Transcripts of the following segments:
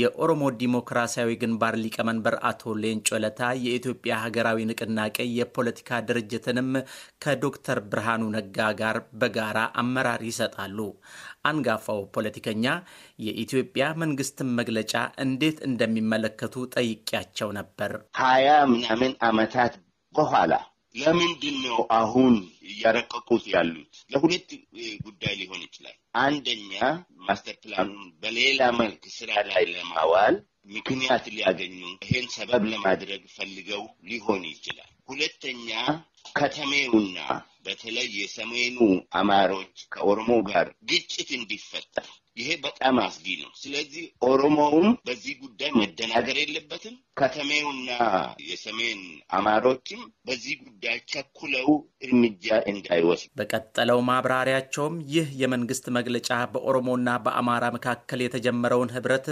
የኦሮሞ ዲሞክራሲያዊ ግንባር ሊቀመንበር አቶ ሌንጮ ለታ የኢትዮጵያ ሀገራዊ ንቅናቄ የፖለቲካ ድርጅትንም ከዶክተር ብርሃኑ ነጋ ጋር በጋራ አመራር ይሰጣሉ። አንጋፋው ፖለቲከኛ የኢትዮጵያ መንግስትን መግለጫ እንዴት እንደሚመለከቱ ጠይቄያቸው ነበር። ሀያ ምናምን ዓመታት በኋላ ለምንድን ነው አሁን እያረቀቁት ያሉት? ለሁለት ጉዳይ ሊሆን ይችላል። አንደኛ ማስተር ፕላኑን በሌላ መልክ ስራ ላይ ለማዋል ምክንያት ሊያገኙ ይህን ሰበብ ለማድረግ ፈልገው ሊሆን ይችላል። ሁለተኛ ከተሜውና በተለይ የሰሜኑ አማሮች ከኦሮሞ ጋር ግጭት እንዲፈጠር ይሄ በጣም አስጊ ነው። ስለዚህ ኦሮሞውም በዚህ ጉዳይ መደናገር የለበትም። ከተሜውና የሰሜን አማሮችም በዚህ ጉዳይ ቸኩለው እርምጃ እንዳይወስድ በቀጠለው ማብራሪያቸውም ይህ የመንግስት መግለጫ በኦሮሞና በአማራ መካከል የተጀመረውን ህብረት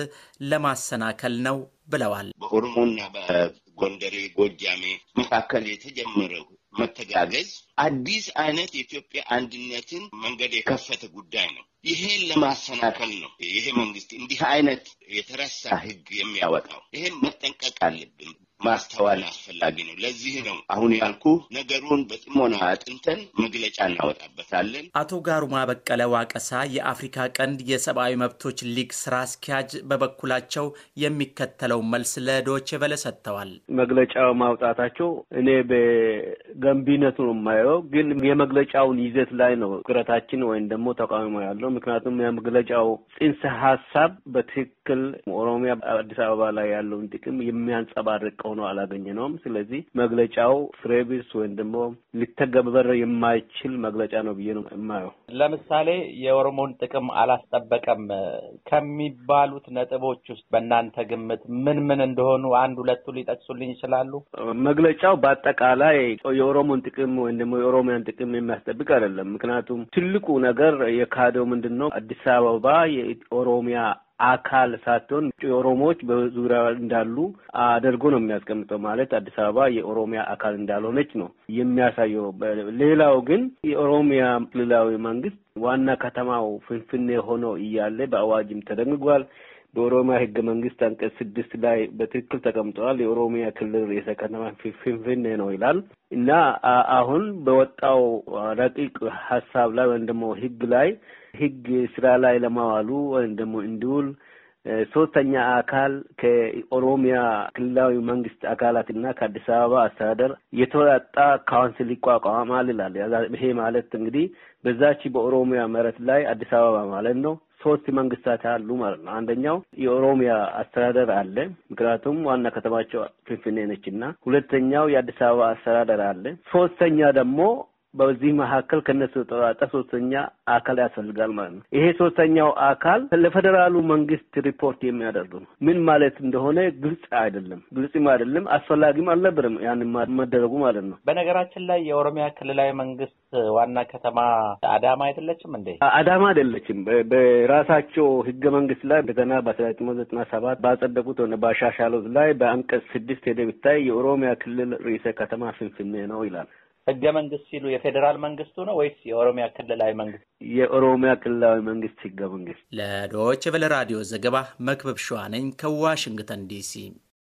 ለማሰናከል ነው ብለዋል። በኦሮሞና በጎንደሬ ጎጃሜ መካከል የተጀመረው መተጋገዝ አዲስ አይነት የኢትዮጵያ አንድነትን መንገድ የከፈተ ጉዳይ ነው። ይሄን ለማሰናከል ነው ይሄ መንግስት እንዲህ አይነት የተረሳ ህግ የሚያወጣው። ይሄን መጠንቀቅ አለብን። ማስተዋል አስፈላጊ ነው። ለዚህ ነው አሁን ያልኩ ነገሩን በጥሞና አጥንተን መግለጫ እናወጣበታለን። አቶ ጋሩማ በቀለ ዋቀሳ የአፍሪካ ቀንድ የሰብአዊ መብቶች ሊግ ስራ አስኪያጅ በበኩላቸው የሚከተለው መልስ ለዶቼ ቬለ ሰጥተዋል። መግለጫው ማውጣታቸው እኔ በገንቢነቱ ነው የማየው፣ ግን የመግለጫውን ይዘት ላይ ነው ቅረታችን ወይም ደግሞ ተቃውሞ ያለው። ምክንያቱም የመግለጫው ጽንሰ ሀሳብ በትክክል ኦሮሚያ፣ አዲስ አበባ ላይ ያለውን ጥቅም የሚያንጸባርቀው ሆኖ አላገኘነውም። ስለዚህ መግለጫው ፍሬቢስ ወይም ደግሞ ሊተገበር የማይችል መግለጫ ነው ብዬ ነው የማየው። ለምሳሌ የኦሮሞን ጥቅም አላስጠበቀም ከሚባሉት ነጥቦች ውስጥ በእናንተ ግምት ምን ምን እንደሆኑ አንድ ሁለቱ ሊጠቅሱልኝ ይችላሉ? መግለጫው በአጠቃላይ የኦሮሞን ጥቅም ወይም ደግሞ የኦሮሚያን ጥቅም የሚያስጠብቅ አይደለም። ምክንያቱም ትልቁ ነገር የካደው ምንድን ነው? አዲስ አበባ የኦሮሚያ አካል ሳትሆን የኦሮሞዎች በዙሪያ እንዳሉ አድርጎ ነው የሚያስቀምጠው። ማለት አዲስ አበባ የኦሮሚያ አካል እንዳልሆነች ነው የሚያሳየው። ሌላው ግን የኦሮሚያ ክልላዊ መንግስት ዋና ከተማው ፍንፍኔ ሆኖ እያለ በአዋጅም ተደንግጓል። በኦሮሚያ ህገ መንግስት አንቀጽ ስድስት ላይ በትክክል ተቀምጠዋል። የኦሮሚያ ክልል ርዕሰ ከተማ ፍንፍኔ ነው ይላል እና አሁን በወጣው ረቂቅ ሀሳብ ላይ ወይም ደግሞ ህግ ላይ ህግ ስራ ላይ ለማዋሉ ወይም ደግሞ እንዲውል ሶስተኛ አካል ከኦሮሚያ ክልላዊ መንግስት አካላትና ከአዲስ አበባ አስተዳደር የተወጣጣ ካውንስል ይቋቋማል ይላል። ይሄ ማለት እንግዲህ በዛች በኦሮሚያ መሬት ላይ አዲስ አበባ ማለት ነው ሶስት መንግስታት አሉ ማለት ነው። አንደኛው የኦሮሚያ አስተዳደር አለ፣ ምክንያቱም ዋና ከተማቸው ፍንፍኔ ነች እና ሁለተኛው የአዲስ አበባ አስተዳደር አለ። ሶስተኛ ደግሞ በዚህ መካከል ከነሱ የተወጣጠ ሶስተኛ አካል ያስፈልጋል ማለት ነው። ይሄ ሶስተኛው አካል ለፌዴራሉ መንግስት ሪፖርት የሚያደርግ ነው። ምን ማለት እንደሆነ ግልጽ አይደለም፣ ግልጽም አይደለም፣ አስፈላጊም አልነበረም ያን መደረጉ ማለት ነው። በነገራችን ላይ የኦሮሚያ ክልላዊ መንግስት ዋና ከተማ አዳማ አይደለችም እንዴ? አዳማ አይደለችም። በራሳቸው ህገ መንግስት ላይ እንደገና በአስራ ዘጠኝ ዘጠና ሰባት ባጸደቁት ሆነ ባሻሻሉት ላይ በአንቀጽ ስድስት ሄደ ብታይ የኦሮሚያ ክልል ርዕሰ ከተማ ፍንፍኔ ነው ይላል። ህገ መንግስት ሲሉ የፌዴራል መንግስቱ ነው ወይስ የኦሮሚያ ክልላዊ መንግስት? የኦሮሚያ ክልላዊ መንግስት ህገ መንግስት። ለዶይቼ ራዲዮ ዘገባ መክበብ ሸዋነኝ ከዋሽንግተን ዲሲ